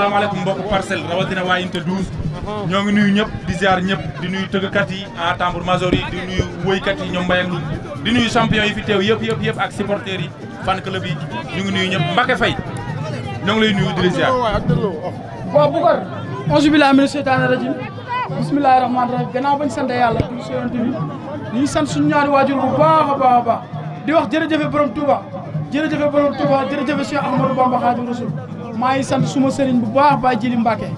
asalaamaaleykum mbokk parcelle rawatina waa Unité 12 ñoo ngi nuyu ñëpp ñëpp di nuyu tëggkat yi en tambour major di nuyu woykat fi teew yëpp yëpp yëpp ak supporters yi fan club yi ñu ngi nuyu ñëpp Mbacke Faye ñoo ngi lay nuyu di la ziar. waaw Boucar. auzu billaahi mina seytaani rajim bismillaahi rahmaani rahiim gannaaw bañ sant yàlla di nuyu yonent bi ñu ngi sant suñu ñaari waajur bu baax a baax a baax di wax jërëjëf borom Touba jërëjëf borom Touba jërëjëf Cheikh Ahmadou Bamba Khadim maa ngi sant suma sëriñ bu baa Baye Djili Mbacke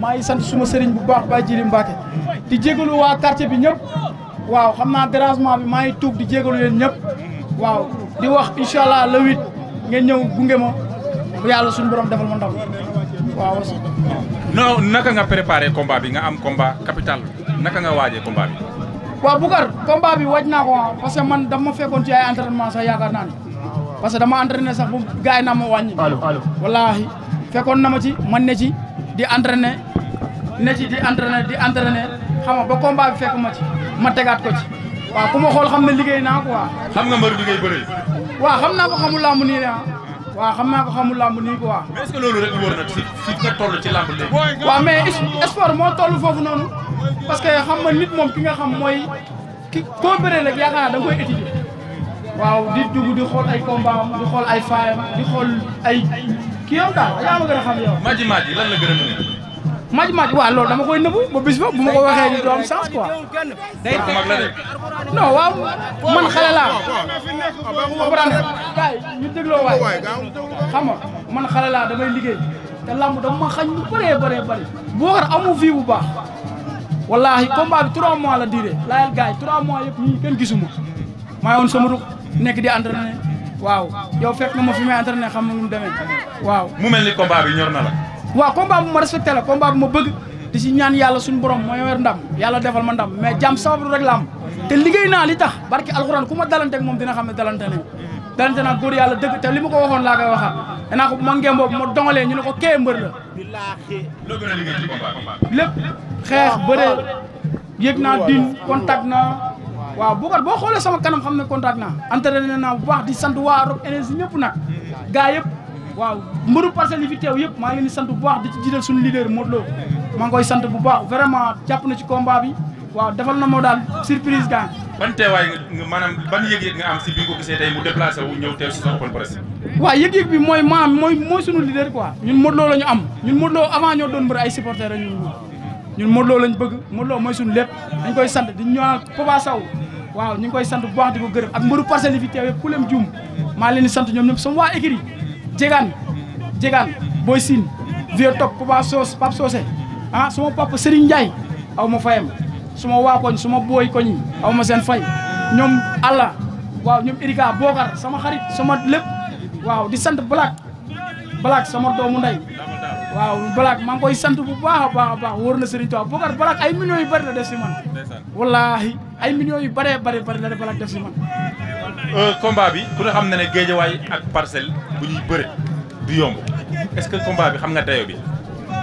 maa ngi sant suma sëriñ bu baax Baye Djili Mbacke di jégalu waa quartier bi ñëpp waaw xam naa dérangement bi maa ngi tuug di jégalu leen ñëpp waaw di wax incha allah le huit ngeen ñëw gunge ma yàlla suñu borom defal ma ndam waaw. non naka nga préparé combat bi nga am combat capital naka nga waajee combat waa waaw Boucar combat bi waaj naa ko parce que man dama ma fekkoon ci ay entraînement sax yaakaar naa ne parce que dama entraîné sax bu gaay na naa ma wàññi. wallaahi fekkoon na ma ci man ne ci di entraîné ne ci di entraîné di entraîné xam nga ba combat bi fekk ma ci ma tegaat ko ci. waa ku ma xool xam ne liggéey naa quoi. xam nga mbër bi xam naa ko xamul làmb nii xam naa ko xamul làmb nii quoi. mais est-ce que ci fi nga toll ci làmb moo toll foofu noonu parce que xam nga nit moom ki nga xam mooy koo bëree rek yaakaar naa da nga waaw di dugg di xool ay combat am di xool ay faayam di xool ay kii yow daal yaa gën a xam yow. Madji Madji lan la gën a mën a. dama koy nëbbu ba bis ba bu ma ko waxee ni du am sens day mag la de. non waaw man xale laa. comprendre gars yi ñu dégloo waay xam man xale damay liggéey te lamb dama ma xañ lu bëree bëree bëri. boo xam amu fii bu baax. wallaahi combat bi 3 la duré. laajal gars yi 3 yëpp ñii kenn gisuma. maa yoon sama ruq. nekk di entraîné waaw yow fekk nga ma fi may entraîné xam nga nu mu demee waaw. mu mel ni combat ñor na la. waaw combat bu ma respecté la combat ma bëgg di si ñaan yàlla suñu borom moo yor ndam yàlla defal ma ndam mais jàmm sabru rek la am te liggéey naa li tax barki alxuraan ku ma dalante ak moom dina xam ne dalante nañ dalante naa góor yàlla dëgg te li ma ko waxoon laa koy waxaat danaa ko bu ma ñu ne ko kee mbër la. lépp xeex bëre yëg naa din contact naa. waaw Boucar boo xoolee sama kanam xam ne contact naa entraîné naa bu baax di sant waa Rock Énergie ñëpp nag gaa yëpp waaw mbëru parcelles yi fi teew yëpp maa ngi leen sant bu baax di ci jiital suñu leader Modou Lo maa ngi koy sant bu baax vraiment jàpp na ci combat bi waaw defal na moo daal surprise gaa ban teewaay nga maanaam ban yëg-yëg nga am si bi nga ko gisee tey mu déplacé ñëw teew si sa open presse yëg-yëg bi mooy maam mooy mooy suñu leader quoi ñun Modou Lo la ñu am ñun Modou Lo avant ñoo doon mbër ay lañ bëgg Modou Lo mooy suñu lépp dañ koy sant di ñëwaat Papa Sow waaw ñu koy sant bu baax di ko gërëm ak mbëru parcelle yi fi maa leen sant ñoom ñëpp sama waa écrit jegaan jegaan booy siin vieux top papa soos pap soosé ah suma papa Serigne Ndiaye aw ma fayam suma waa koñ sama booy koñ aw ma seen fay ñoom allah waaw ñoom Erika Bokar sama xarit sama lépp waaw di sant Black Black sama doomu ndey waaw Black maa ngi koy sant bu baax a baax a baax wóor na Serigne Touba Boucar Black ay millions yu bëri la def si man. wallaahi ay millions yu bëree bëri bëri la def Black def si man. Euh, combat bi ku ne xam na ne géejawaay ak parcelle bu ñuy bëre du yomb est-ce que combat bi xam nga dayo bi.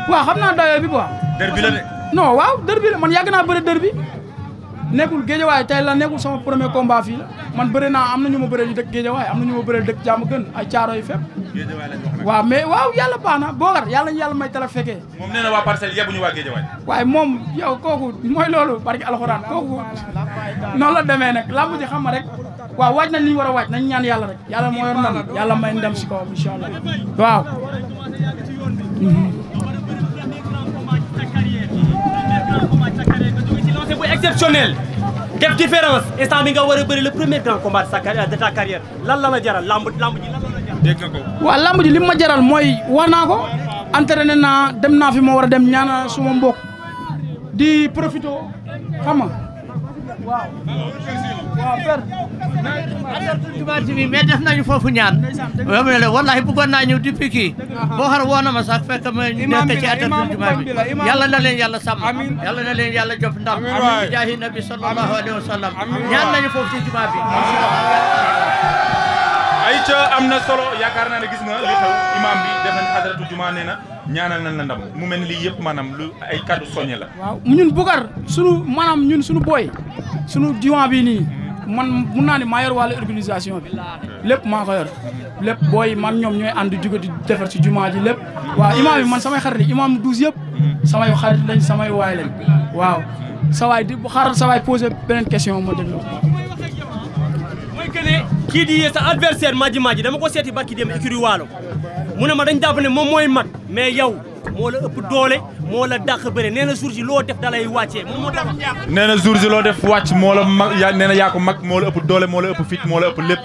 waaw xam naa dayo bi quoi. derby la de. non waaw derby la man yàgg naa bëre derby. nekkul géejawaay tey la nekkul sama premier combat fii la man bëri naa am na ñu ma bëreel yi dëkk géejawaay am na ma bëreel dëkk jàmm gën ay caaro yi fépp waaw mais waaw yàlla baax na boogar yàlla ñu yàlla may tala fekkee waaye moom yow kooku mooy loolu barki alxuraan kooku noonu la demee nag làmb ji xam ma rek waaw waaj nañ li ñu war a waaj nañ ñaan yàlla rek yàlla moo yor ndam yàlla may ndam si kawam incha waaw exceptionnel def différence instant bi nga war a bëri la premier grand combat de sa carrière de ta carrière lan la jaral lamb lamb ji lan la la jaral. dégg nga ko. ma jaral mooy wax naa ko entraîné naa dem naa fi ma war a dem ñaana suma mbok di profito xam waaw waaw per Touba TV nañu foofu ñaan wam ne le wallahi bëggoon naa ñëw depuis kii boo xar woon na ma sax fekk ma nekk ci atal jumaa bi yàlla na leen yàlla sàmm yàlla na leen yàlla jof ndam jaahi nabi sallallahu alayhi wa sallam foofu ci jumaa ay ca am na solo yaakaar naa ne gis nga li xew imaam bi def nañ xadaratu juma nee na ñaanal nañ la ndam mu mel ni lii yëpp maanaam lu ay kaddu soññe la. waaw ñun Boucar sunu maanaam ñun sunu booy sunu diwaan bi nii. man mu naa ne maa yor wàllu organisation bi lépp maa ko yor lépp booy man ñoom ñooy ànd juga di defar ci jumaa ji lépp waaw imaam yi man samay xarit yi imaam douze yëpp samay xarit lañ samay waay lañ waaw sa waay di xaaral sa waay posé beneen question ma déglu ne kii di sa adversaire Madji Madji dama ko seeti barki dem écurie Waalo mu ne ma dañ jàpp ne moom mooy mat mais yow moo la ëpp doole moo la dàq bëre nee na jour ji loo def dalay wàccee moom moo tax nee na jour ji loo def wàcc moo la mag nee na yaa mag moo la ëpp doole moo la ëpp fit moo la ëpp lépp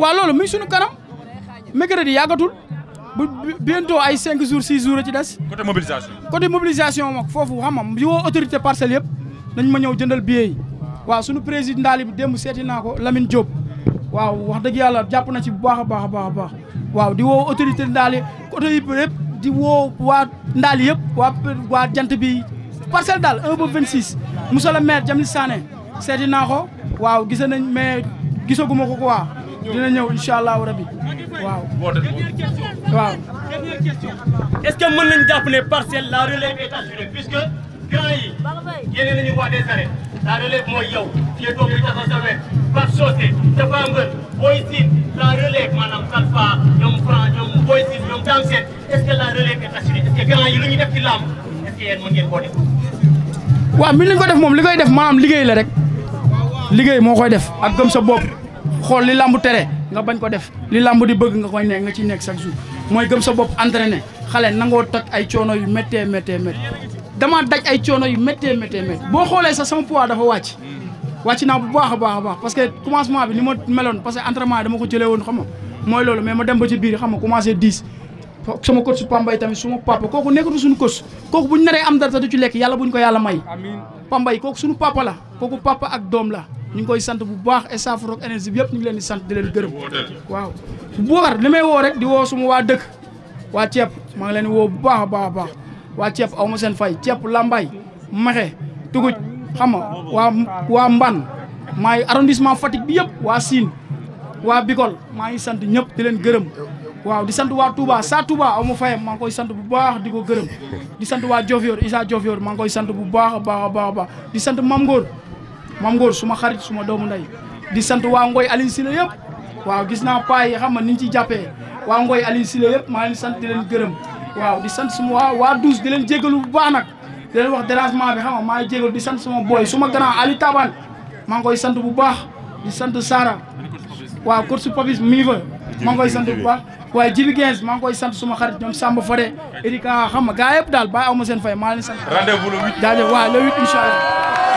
waaw loolu mi ngi suñu kanam mercredi yàggatul bu bientôt ay 5 jours 6 jours a ci des côté mobilisation côté mobilisation moom foofu xam nga woo autorité parcelles yëpp nañ ma ñëw jëndal billet yi waaw suñu président li bi démb seeti naa ko Lamine Diop waaw wax dëgg yàlla jàpp na ci bu baax a baax a baax a baax waaw di woo autorité ndaal di woo waa ndaal yëpp waa waa jant bi parcelle daal 1 ba 26 a le maire Jamil Sané seeti naa ko waaw gise nañ mais gisaguma ko waa dina ñëw incha allahu rabi waaw. waaw. est-ce mën nañ jàpp ne parcelle la relève est assurée puisque grand yi yéen a ngi wax des ki ye doomu Itafa Sowé def ko def moom li koy def maanaam liggéey la rek liggéey moo koy def ak gëm sa bopp xool li làmb tere nga bañ ko def li làmb di bëgg nga koy nekk nga ci nekk chaque jour mooy gëm sa bopp entraîné xale nangoo toj ay coono yu méttee méttee méttee damaa daj ay coono yu méttee méttee boo xoolee sax sama poids dafa wàcc wàcc naa bu baax a baax a baax que commencement bi ni ma meloon parce que entraînement yi dama ko jëlee woon xam nga mooy loolu mais ma dem ba ci biir xam nga commencé diis sama coach Pambay tamit suma papa kooku nekkatu suñu coach kooku buñ naree am dara te lekk yàlla buñ ko yàlla may Pambay kooku suñu papa la kooku papa ak doom la ñu ngi koy sant bu baax et staff yëpp ñu ngi leen di sant di leen gërëm waaw boor li may woo rek di woo suma waa dëkk waa ceeb maa ngi leen woo bu baax a baax a baax waa ceeb aw ma seen fay ceeb lambay maxe tuguj xam nga waa waa Mban maay arrondissement Fatick bi yëpp waa siin waa Bikol maa ngi sant ñëpp di leen gërëm waaw di sant waa tuubaa saa Touba aw ma fayam maa koy sant bu baax di ko gërëm di sant waa Diofior Issa Diofior maa ngi koy sant bu baax a baax a baax a baax di sant Mam Ngor Mam Ngor suma xarit suma doomu ndey di sant waa Ngoy Aline Sile yëpp waaw gis naa paa yi xam nga ni ñu jàppee waa Ngoy Aline Sile yëpp maa ngi sant di leen gërëm waaw di sant suma waa waa Douze di leen jégalu bu di leen wax dérangement bi xam nga maa ngi jégal di sant sama booy suma grand Aliou Taban maa ngi koy sant bu baax di sant Sara waa course papis mi ngi fa maa ngi koy sant bu baax waaye Jibi maa ngi koy sant suma xarit ñoom Samba Fade Erika xam nga gaa yëpp daal bàyyi aw ma seen fay maa leen sant rendez-vous le huit jaajëf waaw le huit